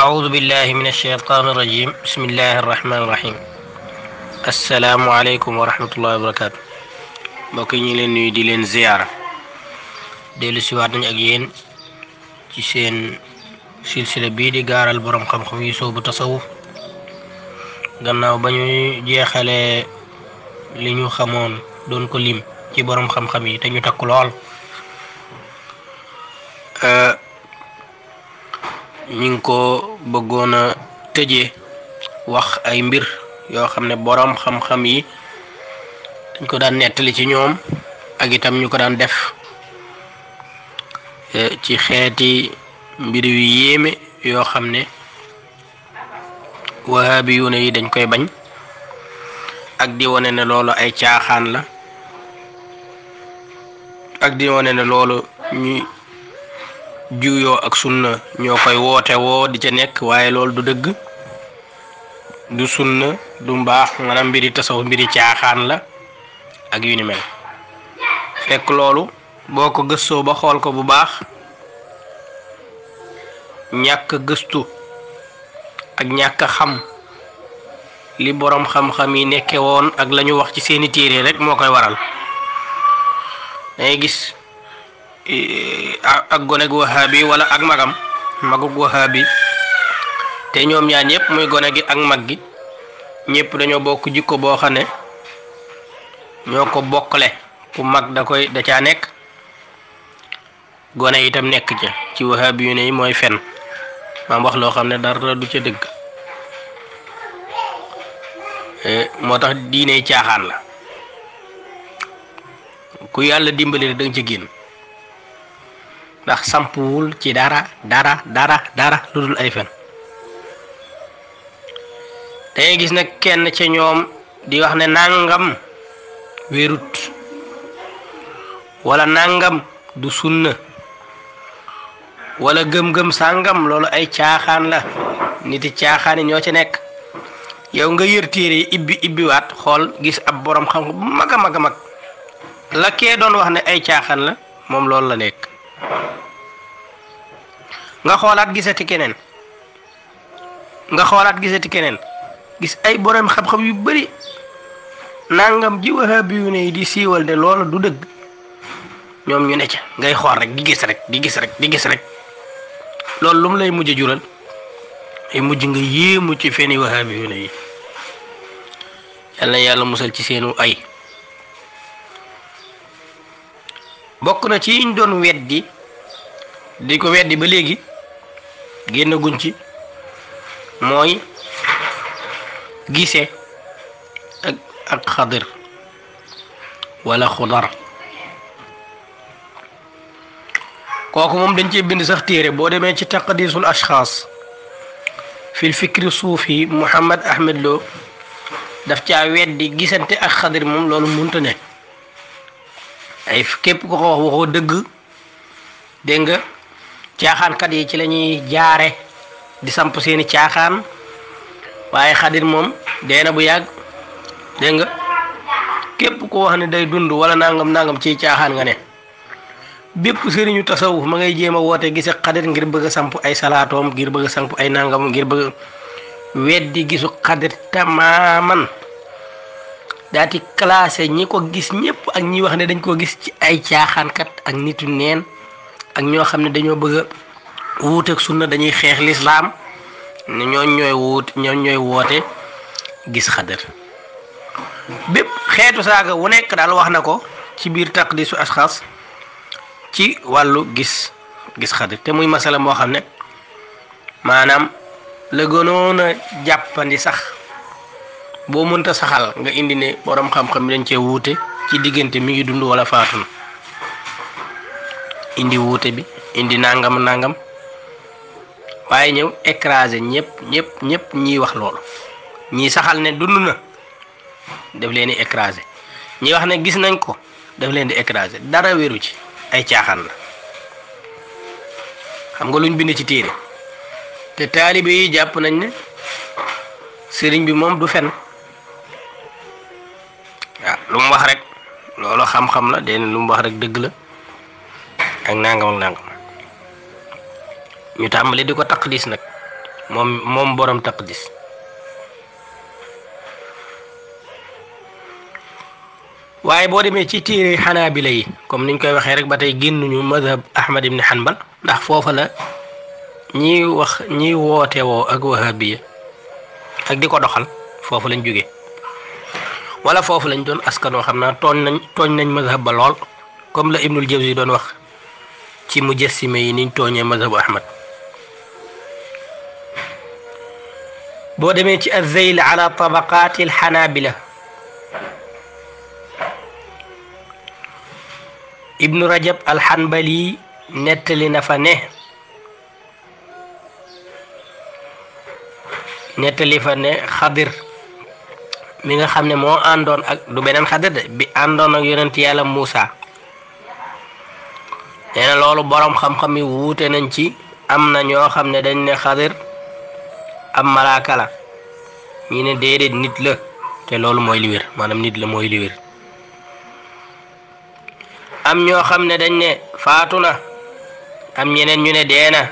أعوذ بالله من الشيطان الرجيم بسم الله الرحمن الرحيم asalaamualeykum wa rahmatullahi wa barakaatu mbokk yi ñu leen nuyu di leen ziyaara dellu siwaat nañ ak yéen ci seen silsila bii di gaaral borom xam-xam yi soobu tasawuf gannaaw ba ñu jeexalee li ñu xamoon doon ko lim ci borom xam-xam yi te ñu takku lool euh, ñi ngi ko bëggoon a tëjee wax ay mbir yoo xam ne boroom xam-xam yi dañ ko daan nettali ci ñoom ak itam ñu ko daan def eh, ci xeeti mbir yu yéeme yoo xam ne wahabi yu ne yi dañ koy bañ ak di wane ne loolu ay caaxaan la ak di wane ne loolu ñuy juyo ak sunna ñoo koy woote wo di ca nek waye loolu du deug du sunna du mbaax maanaam mbiri tasaw mbiri caaxaan la ak yu ni mel fekk loolu boko ko ba xol ko bu baax ñak gestu ak ñàkk xam li borom xam-xam yi nekkewon ak lañu wax ci seeni téré rek mo koy waral ngay gis ak gone goneg wahaabi walla ak magam magug wahaabi te ñoom ñaar ñëpp muy gone gi ak mag gi ñépp dañoo bokk jikko boo xam ne ñoo ko bokkale ku mag da koy da caa nekk gone itam nekk ca ci wahaabi yu ne mooy fen maam wax loo xam ne dara du ca dëgg e, moo tax diine caaxaan la ku yàlla dimbali da nga ci génn ndax sampuwul ci dara dara dara dara ludul ay fen tay gis nak kenn ci ñoom di wax ne nangam wérut wala nangam du sunna wala gem gem sangam loolu ay caaxaan la niti caaxaani ñoo ci nek yow nga yër téré ibbi ibbi waat xol gis ab borom xam maga maga mag la kee doon wax ne ay caaxaan la mom loolu la nek nga xoolaat gisati keneen nga xoolaat gisati keneen gis ay borom xam-xam yu bari nangam ji wahaabi yu di siiwal de lool du dëgg ñoom ñu ne ca ngay xool rek di gis rek di gis rek di gis rek loolu lu mu lay mujj jural ay mujj nga yéemu ci feni wahaabi yu ne yi yal na yàlla musal ci seenu ay. bokk ci yiñ doon weddi di ko weddi ba léegi guñ ci mooy gise ak ak xadir wala xudar kooku moom dañ cee bind sax téere boo demee ci taqdisul ashxaas fil fikri suufi Muhammad Ahmed Lo daf caa weddi gisante ak xadir moom loolu munta nekk ay képp ko wax waxoo dëgg dégg nga kat yi ci lañuy jaare di samp seeni caaxaan waaye xadir moom dee na bu yàgg dégg nga képp ko wax ne day dund wala nangam nangam ci caaxaan nga ne bépp sëriñu tasawuf ma ngay jéem a woote gise xadir ngir bëgg a samp ay salaatoom ngir bëgg a samp ay nangam ngir bëgg weddi gisu xadir tamaman daati classé ñi ko gis ñëpp ak ñi wax ne dañ ko gis ci ay caaxaankat ak nit nitu neen ak ñoo xam ne dañoo bëgg a wuuteeg sunna dañuy xeex lislaam ne ñooñ ñooy wuut ñooñ ñooy woote gis xadar bépp xeetu saaga wu nekk daal wax na ko ci biir taqdisu asxaas ci wàllu gis gis xadar te muy masala moo xam ne maanaam la gënoon jàppandi sax boo mënta saxal nga indi ne borom xam-xam dañ cee wuute ci diggante mu ngi dund wala faatun indi wuute bi indi nangam nangam waaye ñëw écraser ñëpp ñëpp ñëpp ñiy wax loolu ñii saxal ne dund na def leen di écraser ñi wax ne gis nañ ko daf leen di écraser dara wéru ci ay caaxaan la xam nga luñ bind ci téere te taalibe yi jàpp nañ ne sëriñ bi moom du fen lu mu wax rek loolu xam-xam la den lu mu wax rek dëgg la ak nangam ak nangam ñu tàmbali di ko taqdis nag moom moom borom taqdis waaye boo demee ci xanaa xanaabila yi comme niñ koy waxee rek ba tey génnuñu madhab ahmad ibni hanbal ndax foofa la ñiy wax ñiy woote woo ak wahabiya ak di ko doxal foofu lañ jóge wala foofu lañ doon askanoo xam naa tooñ nañ tooñ nañ mazhab ba lool comme la ibnul jawzi doon wax ci mujassime yi niñ tooñee mazhabu ahmad boo demee ci azzeyl ala tabaqaati alxanaabila ibnu rajab alxanbali nettali na fa ne nettali fa ne xadir mi nga xam ne moo àndoon ak du beneen xadar de bi àndoon ak yonent yàlla Muusa nee loolu boroom xam-xam yi wuute nañ ci am na ñoo xam ne dañ ne xadir am malaaka ñu ne déedéet nit la te loolu mooy li nit la mooy li am ñoo xam ne dañ ne faatu na am ñeneen ñu ne dee na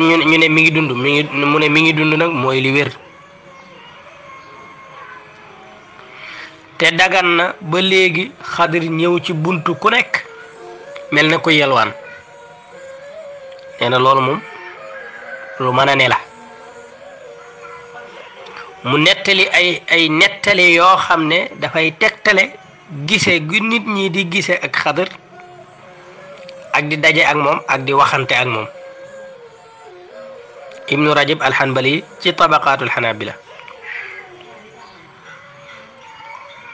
ñu ne mi ngi dund mi ngi mu ne mi ngi dund nag mooy li te dagan na ba léegi xadir ñëw ci buntu ku nekk mel na ko yelwaan nee na loolu moom lu mën a ne la mu nettali ay ay nettali yoo xam ne dafay tegtale gise nit ñi di gise ak xadir ak di daje ak moom ak di waxante ak moom ibnu rajab alxanbali ci tabaqaatul xanaabila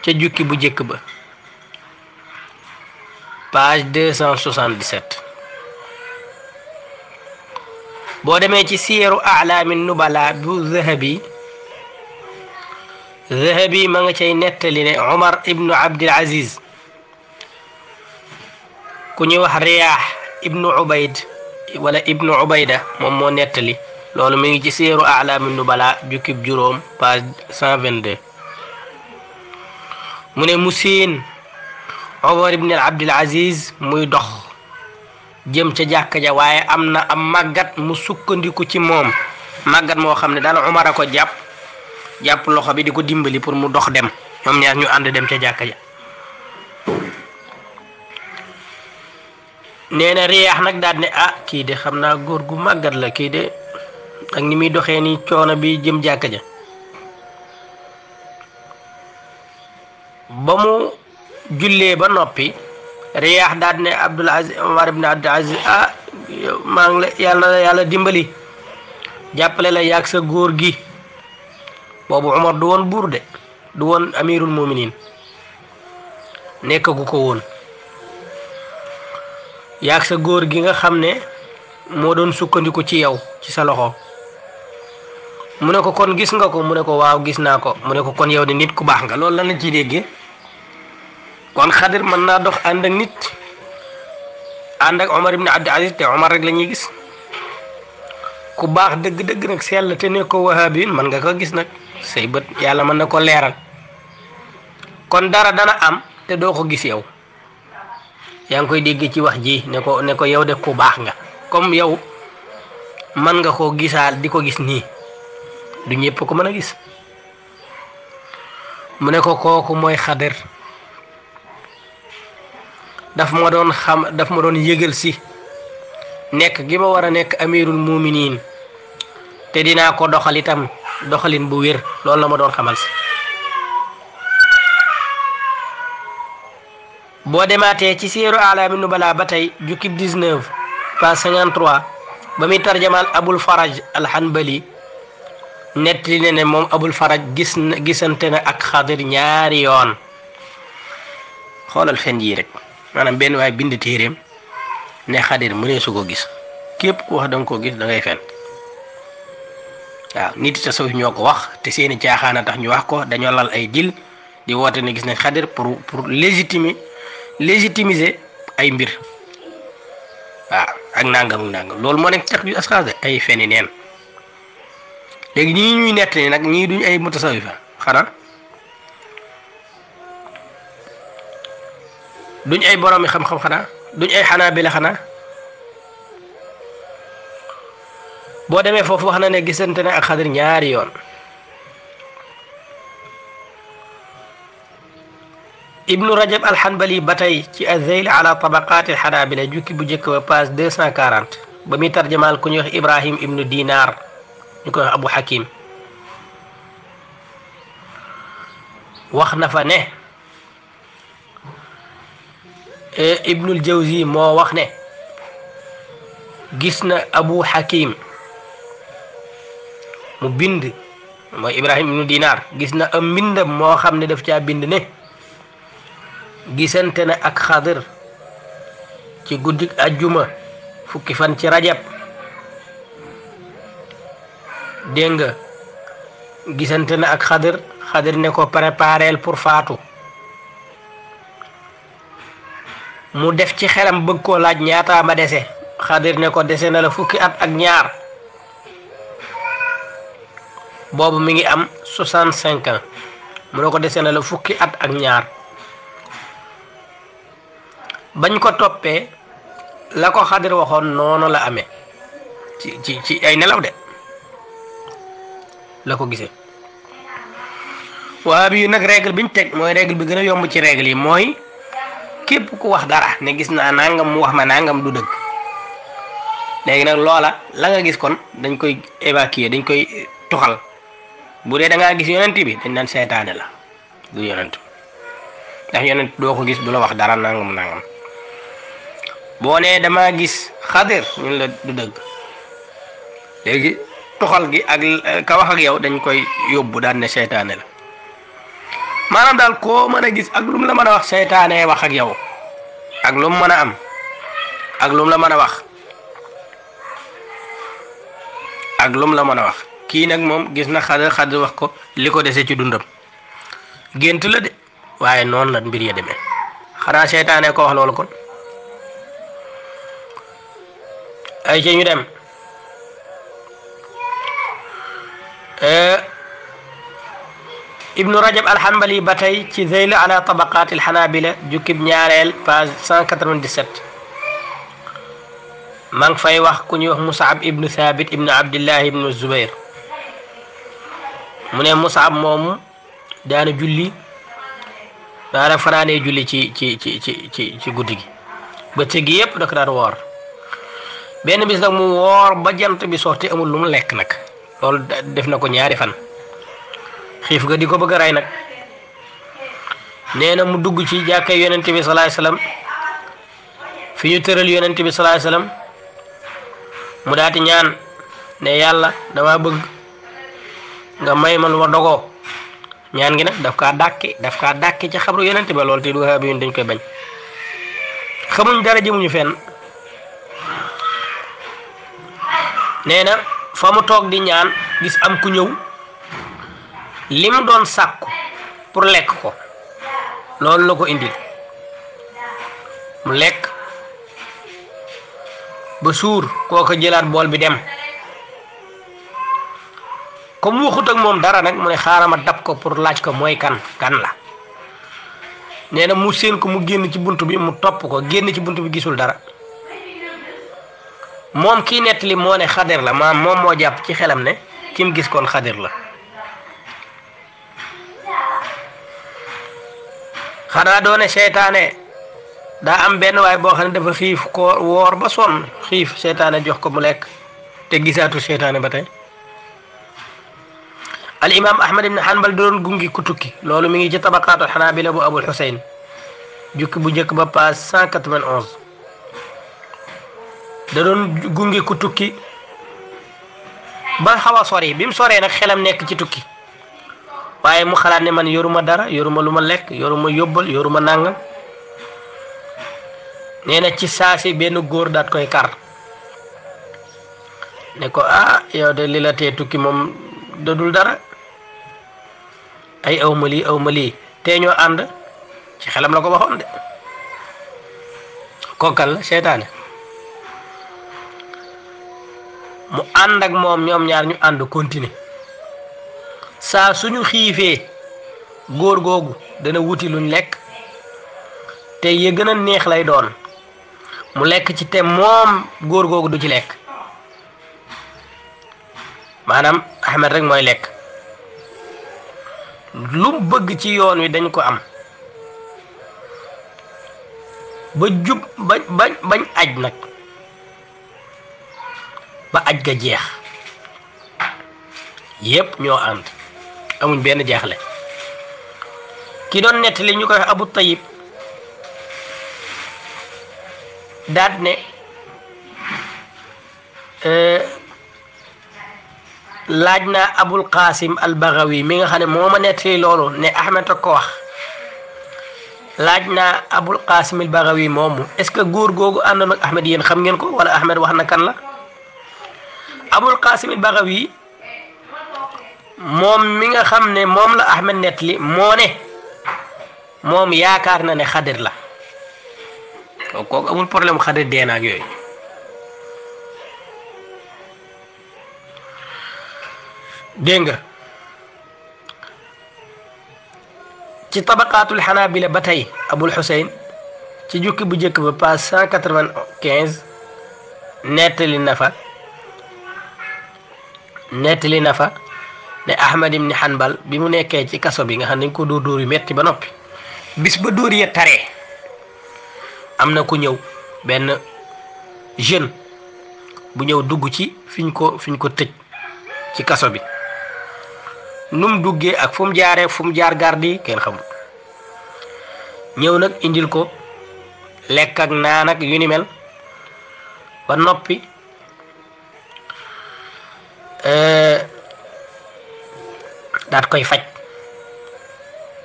ca jukki bu jëkk ba page 277 boo demee ci siyeeru alaami nubala bu zahabi zahabi ma nga cay nettali ne omar ibnu abdil aziz ku ñuy wax riyaax ibnu ubayd wala ibnu ubayda moom moo nettali loolu mu ngi ci siyeeru alaami nubala jukkib juróom page 122 mu ne museen omar ibn abdul aziz muy dox jëm ca jàkka ja waaye am na am màggat mu sukkandiku ci moom màggat moo xam ne daal ko jàpp jàpp loxo bi di ko dimbali pour mu dox dem ñoom ñaar ñu ànd dem ca jàkka ja nee na riyaax daal ne ah kii de xam naa góor gu màggat la kii de ak ni muy doxee ni coono bi jëm ja ba mu jullee ba noppi riyaax daal ne abdul aziz omar ibn abdul aziz ah maa ngi la yàlla yàlla dimbali jàppale la yàgg sa góor gi boobu omar du woon buur de du woon amirul muminin nekkagu ko woon yàgg sa góor gi nga xam ne moo doon sukkandiku ci yow ci sa loxo mu ne ko kon gis nga ko mu ne ko waaw gis naa ko mu ne ko kon yow de nit ku baax nga loolu lan la ci déggee kon khadir man na dox and ak nit and ak omar ibn abd aziz te omar rek la gis ku bax deug deug nak sel te ne ko wahabin man nga ko gis nak sey bët yalla man nako ko kon dara dana am te do ko gis yow yang koy deg ci wax ji ne ko ne ko yow de ku bax nga comme yow man nga ko gisal di ko gis ni du ñepp ko mën gis mu ne ko koku moy khadir daf ma doon xam daf ma doon yëgal si nekk gi ma war a nekk amirul muminin te dinaa ko doxalitam itam doxalin bu wér loolu la ma doon xamal si boo demaatee ci séeru alaami nubala ba tey jukkib 19 page 53 ba muy tarjamaal abul faraj alhanbali nettali ne ne moom abul faraj gis na gisante na ak xadir ñaari yoon xoolal fen yii rek a benn waay bind téeréem ne xadir mu ne su ko gis képp ku wax da nga koo gis da fen waaw nit tasawuf ñoo ko wax te seeni caaxaana tax ñu wax ko dañoo lal ay dil di woote ne gis nañ xadir pour pour légitimer légitimiser ay mbir waaw ak nangam nangam loolu moo nekk tax yu asxaas de ay feni neen léegi ñii ñuy nett ni nag ñii duñ ay mutasawifa xanaa duñ ay boroomi xam-xam xanaa duñ ay xanaa bi la xanaa boo demee foofu wax na ne gisante ne ak xadir ñaari yoon ibnu rajab alxanbali ba tey ci azeyl ala tabaqaati alxanaabila jukki bu njëkk ba page 240 ba muy tarjamaal ku ñuy wax ibrahim ibnu dinar ñu koy wax abu hakim wax na fa ne E, ibnul jawzi moo wax ne gis na abu hakim mu bind mooy ibrahim ibnu dinaar gis na am mbindam moo xam ne daf caa bind ne gisante na ak xadir ci guddik ajjuma fukki fan ci rajab dégg nga gisante na ak xadir xadir ne ko prépareel pour faatu mu def ci xelam bëgg koo laaj ñaataa ma dese xadir ne ko dese na la fukki at ak ñaar boobu mu ngi am soixante cinq ans mu ne ko dese na la fukki at ak ñaar bañ ko toppee la ko xadir waxoon noonu la amee ci ci ay nelaw de la ko gisee waa bi yu nag règle biñ teg mooy règle bi gën a yomb ci règle yi mooy képp ku wax dara ne gis naa nangam mu wax ma nangam du dëgg léegi nag loola la nga gis kon dañ koy évacuer dañ koy tuxal bu dee da gis yonent bi dañ naan seytaane la du yonent ndax yonent doo ko gis du la wax dara nangam nangam boo nee gis xadir ñun la du dëgg léegi tuxal gi ak ka wax ak yow dañ koy yóbbu daan ne seytaane la maanaam daal koo mën a gis ak lu la mën a wax seytaane wax ak yow ak lum mu mën a am ak lum la mën a wax ak lum la mën a wax kii nag moom gis na xadar xadar wax ko li ko dese ci dundam gént la de waaye noonu la mbir ya xanaa seytaane ko wax loolu kon ay ci ñu dem eh, ibnu rajab alhanbali ba tey ci zeylu ala tabaqaati alxanaabila jukkib ñaareel page 197 maa ngi fay wax ku ñuy wax musaab ibnu thabit ibnu abdillahi ibnu zubair mu ne musaab moomu daana julli daana fanaanee julli ci ci ci ci ci ci guddi gi bëccëg gi yépp da ko woor benn bis nag woor ba jant bi sox te amul lu mu lekk nag loolu def na ko ñaari fan xiif ga di bëgg Nena ray nak neena mu dugg ci jàkkay yonente bi alayhi wasallam fi ñu tëral yonente bi alayhi wasallam mu daati ñaan ne yalla dama bëgg nga may man wa dogo ñaan gi nak daf ka dàkki daf ka ci xabru ba te du ñu dañ koy bañ xamuñ dara fenn neena fa mu di ñaan gis am ku ñew lim don doon sàkku pour lek ko lol la ko indil mu lekk ba suur kooka jëlaat bool bi dem comme waxut ak moom dara nag mu ne dab ko pour laaj ko mooy kan kan la nee na mu séen ko mu génn ci bunt bi mu topp ko génn ci bunt bi gisul dara moom kii nettali moo ne xadir la maam moom moo jàpp ci xelam ne kim gis kon xadir la xanaa doone seytaane daa am benn waay boo xam ne dafa xiif ko woor ba son xiif seytaane jox ko mu lekk te gisaatu seytaane ba tey al imam ahmad ibn hanbal doon gungi ku tukki loolu mu ngi ci tabaqaatul xanaabila bu abul xuseyn jukki bu njëkk ba page 191 da doon gungi ku tukki ba xaw a sori bi mu soree nag xelam nekk ci tukki waye mu xalaat ne man yoruma dara yoruma luma lek yoruma yobbal yoruma nangam neena na ci saasi benn góor daat koy kar ne ko ah yow de li la tee tukki moom dodul dara ay awma mali awma mali and, ànd ci xelam la ko waxoon de kookal kan la mu ànd ak moom ñoom ñaar ñu ànd continue saa suñu xiifee góor googu dana wuti luñ lekk te ye gën a neex lay doon mu lekk ci te moom góor googu du ci lekk maanaam Ahmed rekk mooy lekk lu mu bëgg ci yoon wi dañ ko am ba jub ba bañ aj nag ba aj ga jeex yépp ñoo ànd amuñ benn jaaxle kii doon nettali ñu ko abu tayib daat ne euh, laaj na abul qasim al bagawi mi nga xam ne moo ma nettali loolu ne ahmed ak ko wax laaj na abul qasim al bagawi moomu est ce que góor googu àndoon ak ahmed yéen xam ngeen ko wala ahmed wax na kan la abul qasim al bagawi moom mi nga xam ne moom la Ahmed nettali moone moom yaakaar na ne xadir la kooku amul problème xadir dee na ak yooyu dégg nga ci xanaa xanaabila ba tey abul xuseyn ci jukki bu njëkk ba page cent quatre-vingt-quinze nettali na fa nettali na fa ne Ahmad ibn Hanbal bi mu nekkee ci kaso bi nga xam ne dañ ko dóor dóor yu metti ba noppi bis ba dóor ya taree am na ku ñëw benn jeune bu ñëw dugg ci fiñ ko fiñ ko tëj ci kaso bi nu mu duggee ak fu mu jaaree fu jaar garde yi kenn xamul ñëw nag indil ko lekk ak naan yu ni mel ba noppi. Euh, daat koy faj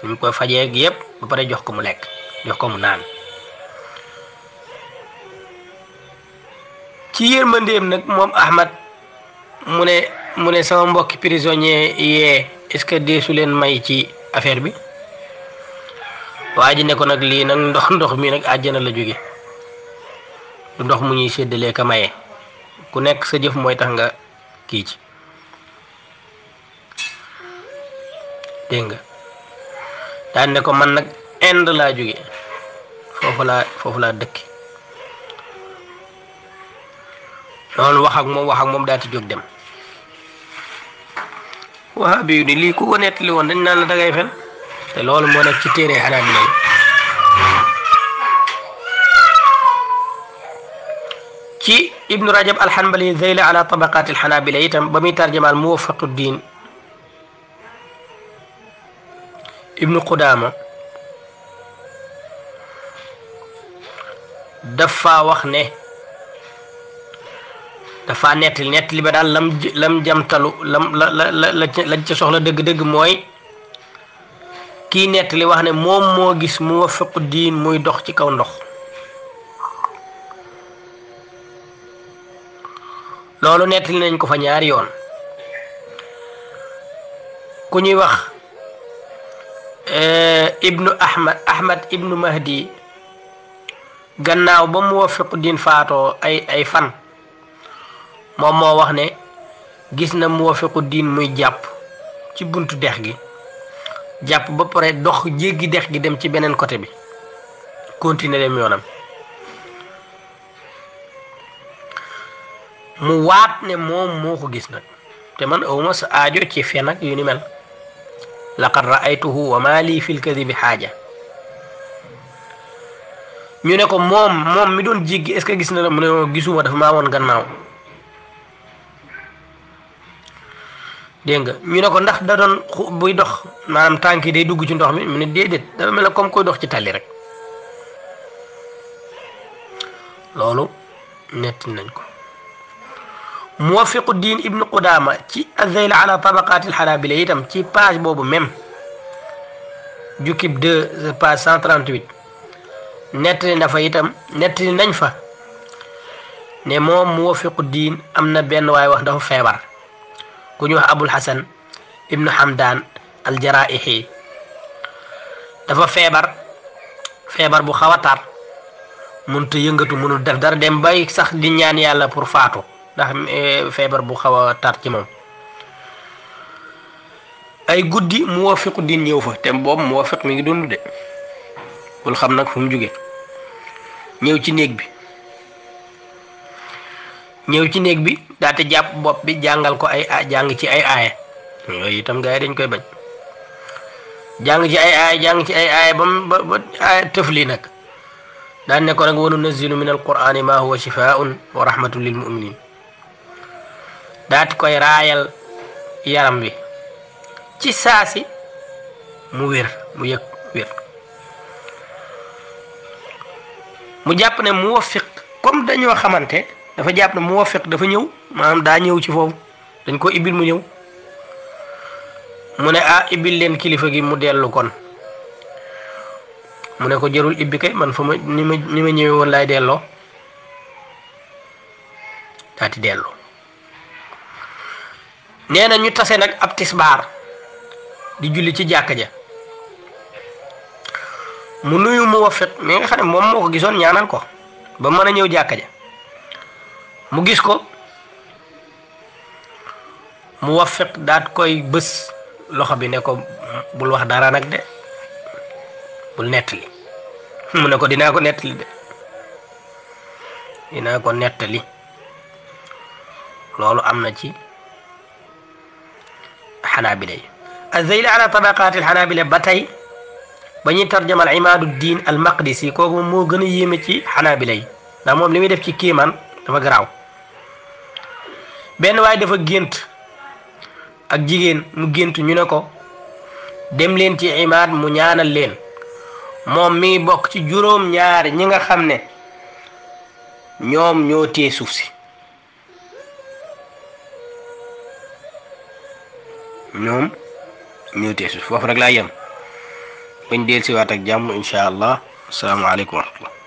ñu koy fajee ak yëpp ba pare jox ko mu lekk jox ko mu naan ci yërmandeem nag moom Ahmad mu ne mu ne sama mbokki prisonier yee est-ce que deesu leen may ci affaire bi waa ji ne ko nag lii nag ndox ndox mi nag àjjana la jóge ndox mu ñuy séddalee ka maye ku nekk sa jëf mooy tax nga kii dégg dal ne ko man nak end la jógee fofu la fofu la dëkk loolu wax ak mom wax ak mom daal di jóg dem wa bi ni li ku ko nettali won dañ naan la dagay fen te loolu mo nek ci téré haram bi lay ci ibnu rajab alxanbali zeyla ala tabaqaati alxanaabila itam ba muy tarjamaal muwafaquddin ibnu Qudaama dafa wax ne dafa nettali nettali ba daal lam jamtalu lam la la la lañ ca soxla dëgg-dëgg mooy kii nettali wax ne moom moo gis mu wafiqu diin muy dox ci kaw ndox loolu nettali nañ ko fa ñaari yoon ku ñuy wax Eh, ibnu ahmad ahmad ibnu mahdi gannaaw ba mu wafiqu din faatoo ay ay fan moom moo wax ne gis na mu wafiqu din muy jàpp ci bunt dex gi jàpp ba pare dox jéggi dex gi dem ci beneen côté bi continuer dem yoonam mu waat ne moom moo ko gis nag te man awuma sa aajo ci fen ak yu ni mel laqad ra'aytuhu wa maa lii fil kadibi xaaja ñu ne ko moom moom mi doon jéggi est-ce gis na la mu ne gisuma dafa maa woon gannaaw dégg nga ñu ne ko ndax da buy dox maanaam tànk day dugg ci ndox mi mu ne déedéet da mel ne comme koy dox ci tali rek loolu netti nañ ko muwafiqu diin ibnu qudaama ci azeyla ala tabaqaati alxanaabila itam ci page boobu même jukkib 2 page 138 nettali na fa itam nettali nañ fa ne moom muwafiqu diin am na benn waay wax dafa feebar ku ñu wax abul hasan ibnu hamdaan aljaraihi dafa feebar feebar bu xaw a tar mënut a yëngatu mënul def dara dem bay sax di ñaan yàlla pour faatu ndax eh, feebar bu xaw a tar ci moom ay guddi mu wafiqu din ñëw fa te boobu mu wafiq mi ngi dund de bul xam nag fu mu jóge ñëw ci néeg bi ñëw ci néeg bi daate jàpp bopp bi jàngal ko ay jàng ci ay aaya yooyu itam gars yi dañ koy bañ jàng ci ay aaya jàng ci ay aaya ba ba ba aaya tëfli nag daan ne ko nag wanu nazilu min alqurani ma huwa shifaun wa rahmatun lil muminin Dat koy raayal yaram bi ci saasi mu wér mu yëg wér mu jàpp ne mu wafiq comme dañoo xamante dafa jàpp ne mu wafiq dafa ñëw maanaam daa ñëw ci foofu dañ ko ibil mu ñëw mu ne ah ibil leen kilifa gi mu dellu kon mu ne ko jërul ibbi kay man fa ma ni ma ni ma ñëwee woon laay delloo daati neena ñu tassé nak ab tisbar di julli ci jakk ja mu nuyu mu wafet mi nga xam mom moko ko gisoon ñaanal ko ba mëna ñew jakk ja mu gis ko mu wafet daat koy bëss loxo bi ne ko bul wax dara nak de bul netti mu ne ko dina ko netti de dina ko netti lolu amna ci xanaabila yi azeyli ala tabaqaati alxanaabila ba tey ba ñuy tarjamal imaadu diin al maqdisi kooku moom moo gën a yéeme ci xanaabila yi ndax moom li muy def ci kéemaan dafa garaaw benn waay dafa gént ak jigéen mu gént ñu ne ko dem leen ci imaad mu ñaanal leen moom mi ngi bokk ci juróom ñaari ñi nga xam ne ñoom ñoo suuf si ñoom ñoo teesu foofu rek laa yem bañ dellusiwaat ak jàmm incha allah asalaamaaleykum wa rahmatullah